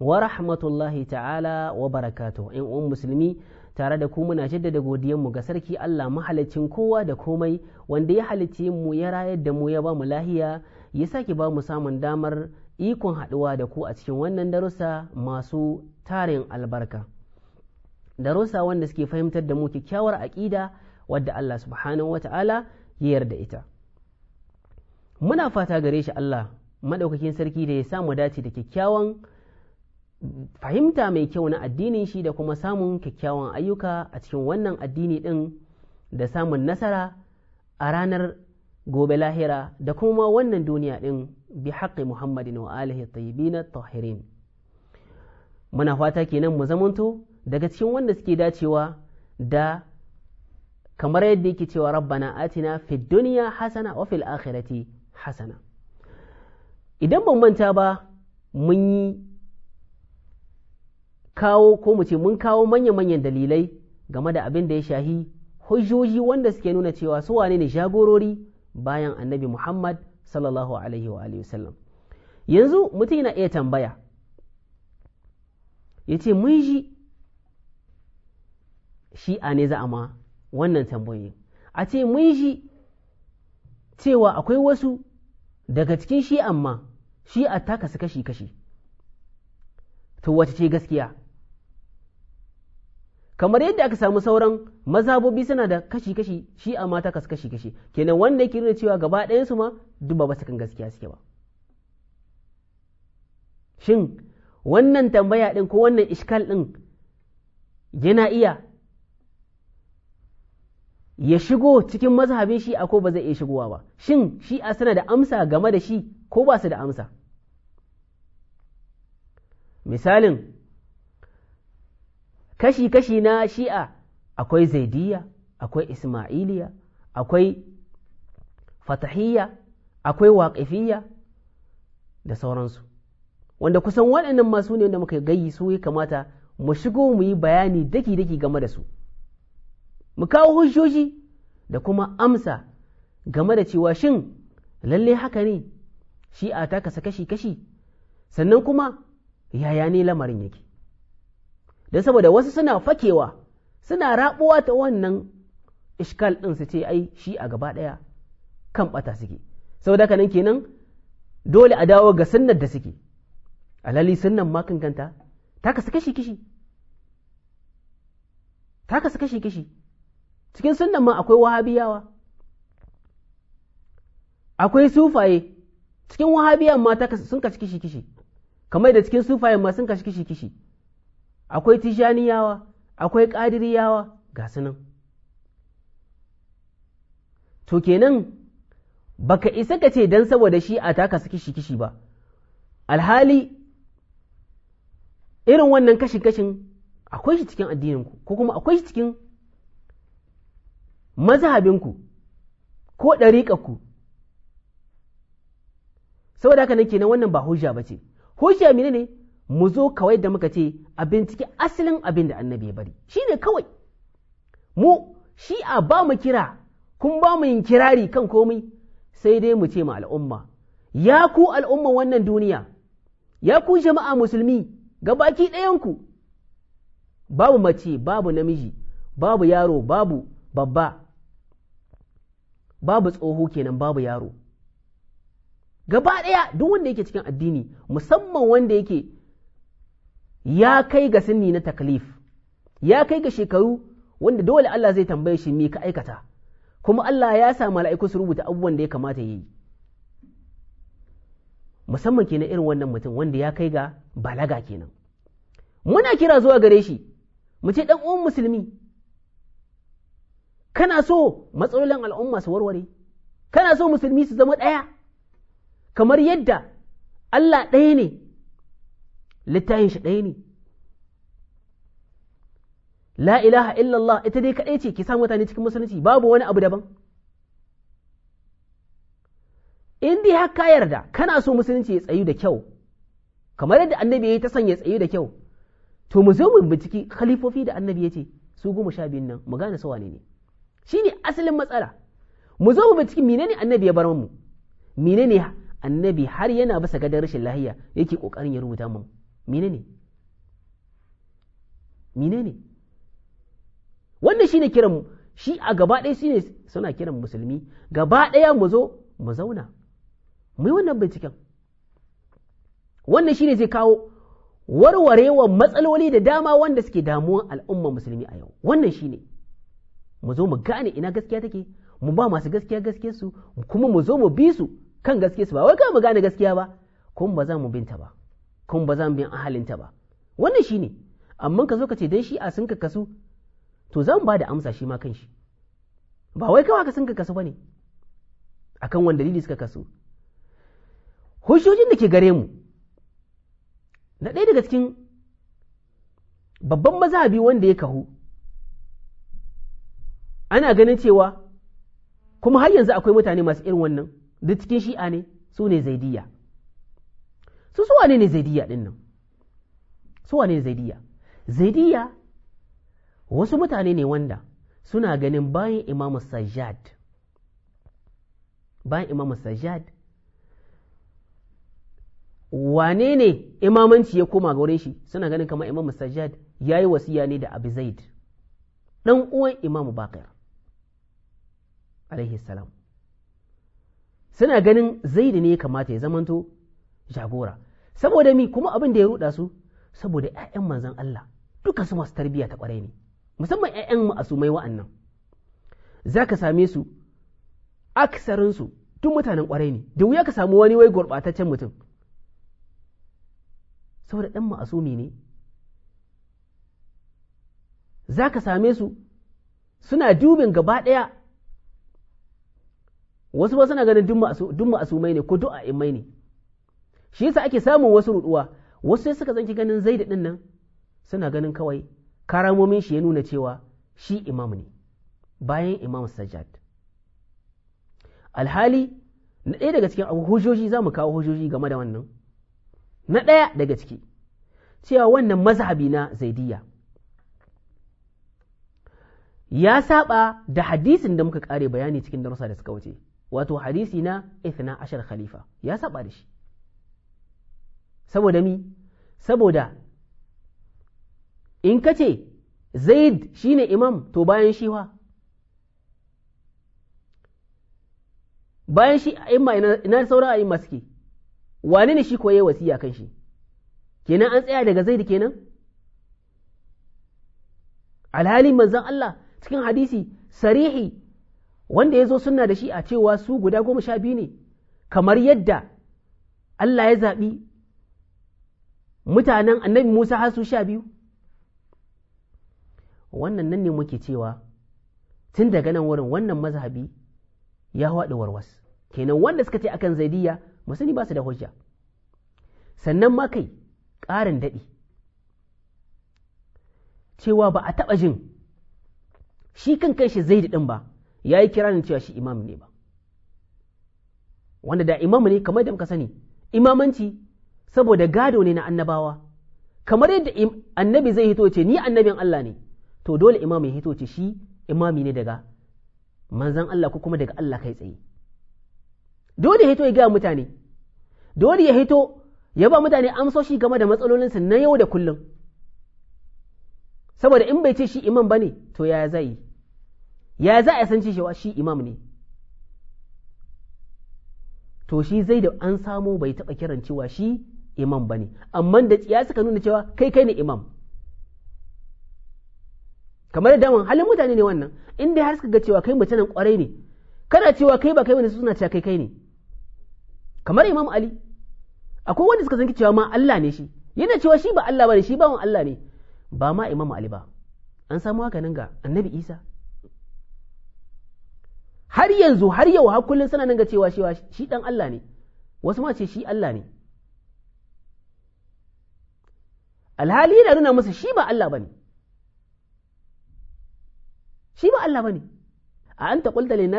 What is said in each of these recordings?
wa rahmatullahi ta'ala wa barakatu in uwan musulmi tare da ku muna jaddada mu ga sarki Allah mahalicin kowa da komai wanda ya halicce mu ya rayar da mu ya ba mu lahiya ya sake ba mu samun damar ikon haɗuwa da ku a cikin wannan darussa masu tarin albarka darussa wanda suke fahimtar da mu kyakkyawar aƙida wadda Allah subhanahu wa ta'ala ya yarda ita muna fata gare shi Allah madaukakin sarki da ya samu dace da kyakkyawan fahimta mai kyau na addinin shi da kuma samun kyakkyawan ayyuka a cikin wannan addini ɗin da samun nasara a ranar gobe lahira da kuma wannan duniya ɗin bi haƙƙi muhammadin wa alihi na tahirin muna fata kenan mu zamanto daga cikin wanda suke dacewa da kamar yadda yake cewa rabbana atina fi Hassana hasana wa fil akhirati hasana idan ban manta ba mun yi kawo ko mu ce mun kawo manya-manyan dalilai game da abin da ya shahi hujjoji wanda suke nuna cewa su wane ne jagorori bayan annabi Muhammad sallallahu alaihi wa alihi yanzu mutum yana iya tambaya ya ce mun ji Shi shi'a ne za a ma wannan tambayi. a ce mun ji cewa akwai wasu daga cikin amma shi shi'a ta su kashi-kashi to wace ce gaskiya kamar yadda aka samu sauran mazabobi suna da kashi-kashi shi a mata kasu kashi-kashi kenan wanda yake nuna cewa gaba ɗayansu ma duk ba kan gaskiya suke ba shin wannan tambaya ɗin ko wannan iskal ɗin yana iya ya shigo cikin mazhabin shi ko ba zai iya shigowa ba shin shi a suna da amsa game da shi ko ba su da amsa misalin kashi-kashi na shi'a akwai Zaidiya akwai ismailiya akwai fatahiyya akwai waƙifiyya da sauransu wanda kusan waɗannan masu ne da muka gayi su ya kamata mu shigo mu yi bayani daki-daki game da su mu kawo hujjoji da kuma amsa game da cewa shin lalle haka ne shi'a ta kasa kashi-kashi sannan kuma yaya ne lamarin yake don saboda wasu suna fakewa suna rabuwa ta wannan iskal ɗin su ce ai shi a gaba ɗaya kan ɓata suke saboda haka nan kenan dole a dawo ga sunnar da suke alali sunnan ma kankanta ta kasu kashi kishi ta kasu kashi kishi cikin sunnan ma akwai wahabiyawa akwai sufaye cikin wahabiyan ma sun kashi kishi kishi kamar da cikin sufayen ma sun kashi kishi kishi akwai tijaniyawa akwai ƙadiriyawa ga su nan to kenan baka isa ka ce don saboda shi a taka su kishi-kishi ba alhali irin wannan kashin-kashin akwai shi cikin addininku ko kuma akwai shi cikin mazhabinku ko ɗariƙarku saboda haka nan kenan wannan ba hujja ba ce hujja mene ne mu zo kawai da muka ce a binciki asalin abin da annabi ya bari shi ne kawai mu shi a ba mu kira kun ba mu yin kirari kan komai sai dai mu ce ma al'umma ya ku al'umma wannan duniya ya ku jama'a musulmi ga baki ɗayanku babu mace babu namiji babu yaro babu babba babu tsoho kenan babu yaro gaba ɗaya duk wanda yake cikin addini musamman wanda yake ya kai ga sinni na taklif ya kai ga shekaru wanda dole Allah zai tambaye shi me ka aikata kuma Allah ya sa mala'iku su rubuta abubuwan da ya kamata yi musamman kenan irin wannan mutum wanda ya kai ga balaga kenan muna kira zuwa gare shi mu ce dan uwan musulmi kana so matsalolin al'umma su warware kana so musulmi su zama ɗaya kamar yadda Allah ɗaya ne littafin shi ɗaya ne la ilaha illallah ita dai kaɗai ce ki sa mutane cikin musulunci babu wani abu daban in dai har ka yarda kana so musulunci ya tsayu da kyau kamar yadda annabi ya yi ta son ya tsayu da kyau to mu zo mu binciki khalifofi da annabi ya ce su goma sha biyun nan mu gane sawa ne shi ne asalin matsala mu zo mu binciki menene annabi ya bar mu menene annabi har yana basa gadar rashin lahiya yake kokarin ya rubuta mu menene ne, wannan shine kiran shi a gaba ɗaya shine suna kiran musulmi gaba ɗaya mu zo mu zauna mu yi wannan binciken wannan shine zai kawo warwarewa matsaloli da dama wanda suke damuwan al'umma musulmi a yau wannan shine mu zo mu gane ina gaskiya take mu ba masu gaskiya gaskiya su kuma mu zo mu bi su kan gaskiya su ba wai kawai mu gane gaskiya ba kuma ba za mu binta ba kuma ba za mu biyan ahalinta ba wannan shi ne amma ka zo ka ce dan shi a sun ka kasu to za mu ba da amsa shi ma kan shi ba wai kawai ka sun ka kasu ba ne a kan wani dalili suka kasu hujjojin da ke gare mu na ɗaya daga cikin babban mazabi wanda ya kahu ana ganin cewa kuma har yanzu akwai mutane masu irin wannan duk cikin shi'a ne su ne zaidiya su su wane ne zaidiya din nan su wane zaidiya zaidiya wasu mutane ne wanda suna ganin bayan imamu sajjad bayan imamu sajjad wane ne imamanci ya koma ga wurin shi suna ganin kamar imamu sajjad ya yi wasiya ne da abu zaid ɗan uwan imamu bakir alaihi salam suna ganin zaid ne ya kamata ya zamanto jagora saboda mi kuma abin da ya ruɗa su saboda 'ya'yan manzan Allah duka su masu tarbiyya ta kwarai ne musamman yayan ma'asumai wa'annan ka same su aksarinsu tun mutanen kwarai ne da wuya ka samu wani wai gurɓataccen mutum saboda ɗan ma'asumi ne za ka same su suna dubin gaba ɗaya wasu ba suna ganin duk ma'asumai ne ko duk a'immai ne shi yasa ake samun wasu ruduwa wasu sai suka zanki ganin zai din nan suna ganin kawai karamomin shi ya nuna cewa shi imam ne bayan imam sajjad alhali na ɗaya daga cikin abu hujjoji za mu kawo hujjoji game da wannan na ɗaya daga ciki cewa wannan mazhabi na zaidiya. ya saba da hadisin da muka ƙare bayani cikin darussa da suka wuce wato hadisi na ithna ashar khalifa ya saba da shi saboda mi saboda in ka ce zaid shine imam to bayan shi wa bayan shi imma ina saura a imma suke Wani ne shi koye wasiya kan shi kenan an tsaya daga zaid kenan alhali manzan Allah cikin hadisi sarihi wanda ya zo suna da shi a cewa su guda goma sha biyu ne kamar yadda Allah ya zaɓi mutanen annabi Musa har su sha biyu wannan nan ne muke cewa tun daga nan wurin wannan mazhabi ya haɗa warwas kenan wanda suka ce akan zaidiya musani ba su da hujja sannan ma kai ƙarin daɗi cewa ba a taɓa jin shi kan kai shi zaidi ɗin ba ya yi kiranin cewa shi imam ne ba wanda da imam ne kamar da muka sani imamanci saboda gado ne na annabawa kamar yadda annabi zai hito ce ni annabin Allah ne to dole imam ya hito ce shi imami ne daga manzan Allah ko kuma daga Allah kai tsaye dole ya hito ya gaya mutane dole ya hito ya ba mutane amsoshi game da matsalolinsa na yau da kullum saboda in bai ce shi imam bane to ya za ya za a san cewa shi imam ne to shi zai da an samu bai taɓa kiran cewa shi imam ba ne amma da ya suka nuna cewa kai kai ne imam kamar da daman halin mutane ne wannan inda har suka ga cewa kai mutanen kwarai ne kana cewa kai ba kai wani suna cewa kai kai ne kamar imam ali akwai wanda suka san cewa ma Allah ne shi yana cewa shi ba Allah ba ne shi ba Allah ne ba ma imam ali ba an samu haka nan ga annabi isa har yanzu har yau har kullum suna nan ga cewa shi dan Allah ne wasu ma ce shi Allah ne alhali yana nuna musu shi ba Allah bane shi ba Allah bane a anta qulta lin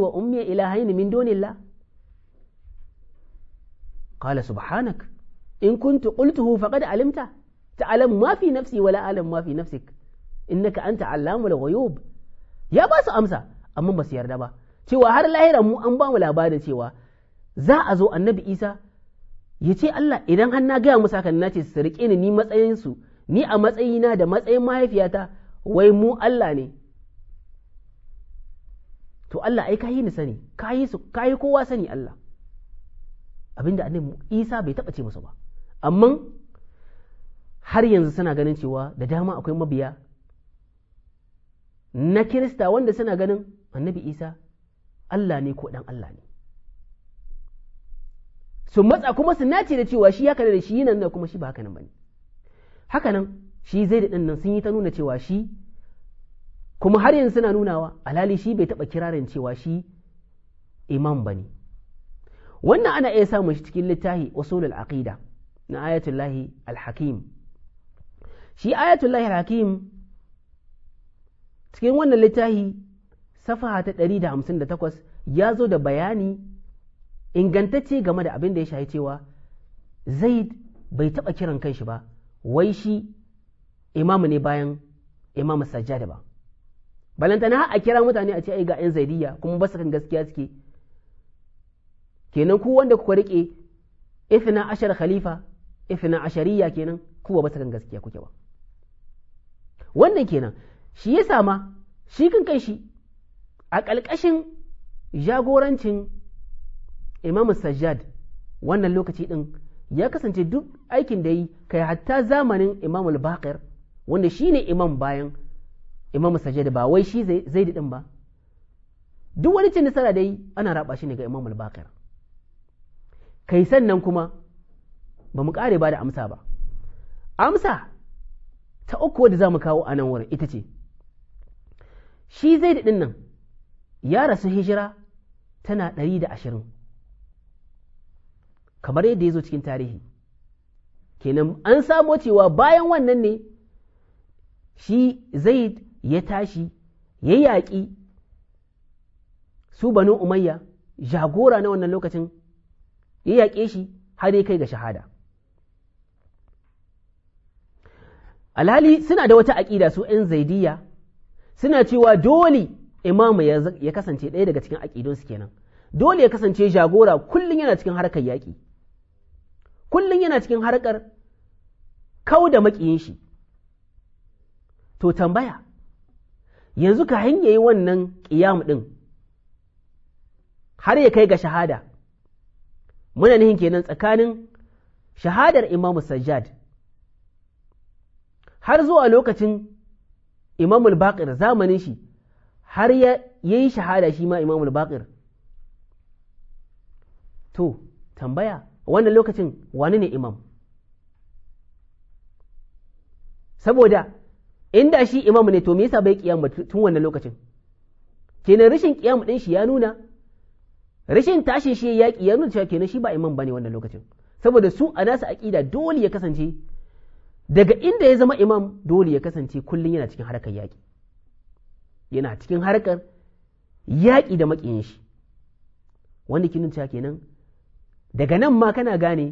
wa ummi ilahayn min dunillah qala subhanak in kuntu qultuhu da alimta ta'lam ma fi nafsi wala alam ma fi nafsik innaka anta allamul ghuyub ya ba su amsa amma ba su yarda ba cewa har lahira mu an ba mu labarin cewa za a zo annabi Isa ya ce Allah idan har na gaya musu hakan na ce su riƙe ni ni matsayinsu ni a matsayina da matsayin mahaifiyata wai mu Allah ne to Allah ai kayi ni sani kayi su kowa sani Allah abinda annabi Isa bai taɓa ce musu ba amma har yanzu suna ganin cewa da dama akwai mabiya na Kirista wanda suna ganin annabi Isa Allah ne ko dan Allah ne su matsa kuma su nace da cewa shi haka da shi yana nuna kuma shi ba haka nan bane haka nan shi zai da nan sun yi ta nuna cewa shi kuma har yanzu suna nunawa alhali shi bai taɓa kirarin cewa shi imam bane wannan ana iya samun shi cikin littafi usulul aqida na ayatullahi al-hakim shi ayatullahi al-hakim cikin wannan littafi safaha ta 158 ya zo da bayani ingantacce game da abin da ya shayi cewa zaid bai taɓa kiran kanshi ba wai shi imamu ne bayan imamu sajjada ba balantana a kira mutane a ce ai ga 'yan zaidiya kuma ba su kan gaskiya suke kenan ku wanda kuka rike ifna ashar khalifa ifna ashariya kenan ku ba su kan gaskiya kuke ba wannan kenan shi ya sama shi kan kai shi a ƙalƙashin jagorancin imam sajjad wannan lokaci din ya kasance duk aikin da yi kai hatta zamanin imam al-baqir wanda shine imam bayan imam sajjad ba wai shi zaidi din ba duk wani cin nasara da yi ana raba shi ne ga imam al-baqir kai sannan kuma ba mu kare ba da amsa ba amsa ta uku wadda za mu kawo a nan wurin ita ce shi zai din nan ya rasu hijira tana ɗari da ashirin kamar yadda ya zo cikin tarihi kenan an samo cewa bayan wannan ne shi zaid ya tashi ya yaƙi su banu umayya jagora na wannan lokacin ya yaƙe shi har ya kai ga shahada alhali suna da wata aƙida su 'yan zaidiya suna cewa dole imamu ya kasance ɗaya daga cikin aƙidunsu kenan dole ya kasance jagora kullum yana cikin harkar yaƙi kullum yana cikin harkar kau da makiyin shi to tambaya yanzu ka yi wannan ƙiyam ɗin har ya kai ga shahada muna nihin kenan tsakanin shahadar imamu sajjad har zuwa lokacin imamul baƙir zamanin shi har ya yi shahada shi ma imamul baƙir to tambaya wannan lokacin wani ne imam saboda inda shi imam ne to me yasa bai kiyama tun wannan lokacin kenan rashin kiyama din shi ya nuna rashin tashin shi ya ya nuna cewa kenan shi ba imam bane wannan lokacin saboda su a nasa aqida dole ya kasance daga inda ya zama imam dole ya kasance kullum yana cikin harkar yaƙi yana cikin harkar yaƙi da maƙiyin shi wanda kinin cewa kenan daga nan ma kana gane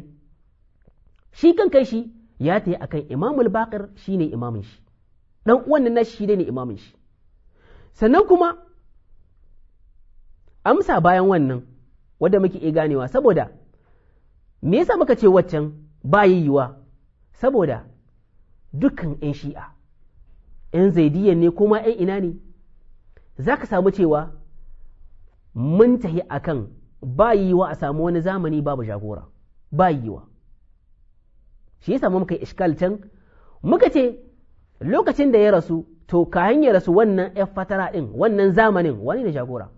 shi kan kai shi ya tayi akan imamul shi ne imamin shi ɗan uwan nashi shi ne imamin shi sannan kuma amsa bayan wannan wanda muke iya ganewa saboda me yasa muka ce waccan ba yiwuwa saboda dukkan 'yan shi'a 'yan zaidiyya ne kuma 'yan ina ne za ka samu cewa mun tahi akan ba yiwa a samu wani zamani babu jagora ba yiwa shi ya yasa muka yi iskal can muka ce lokacin da ya rasu to kayan ya rasu wannan ya fatara ɗin wannan zamanin wani ne jagora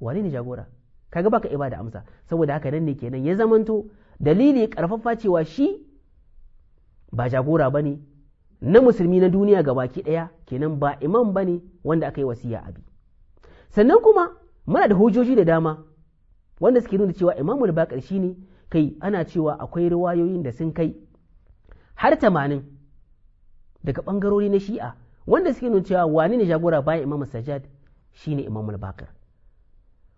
wani ne jagora kaga baka iba da amsa saboda haka nan ne kenan ya zamanto dalili karfafa cewa shi ba jagora ba ne. na musulmi na duniya ga baki ɗaya kenan ba imam ne. wanda aka yi wasiya abi sannan kuma muna da hujjoji da dama wanda suke nuna cewa imamul bakar shi ne kai ana cewa akwai rawayoyin da sun kai har tamanin daga ɓangarori na shi'a wanda suke nuna cewa wani ne jagora bayan imam sajjad shine imam bakar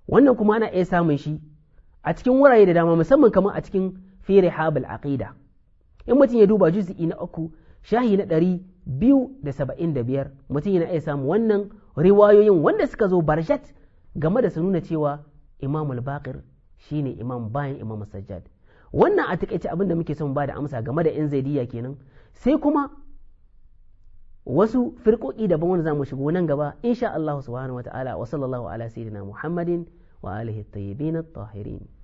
wannan kuma ana iya samun shi a cikin wurare da dama musamman kamar a cikin fere habal aqida in mutum ya duba juz'i na uku shahi na ɗari biyu da saba'in da biyar mutum yana iya samun wannan riwayoyin wanda suka zo barshat game da su nuna cewa imam al-baqir shine imam bayan imam sajjad wannan a takaice abin da muke son ba da amsa game da yan zaidiya kenan sai kuma wasu firkoki daban wanda zamu shigo nan gaba insha Allah subhanahu wataala wa sallallahu ala sayyidina Muhammadin wa alihi at-tayyibin at-tahirin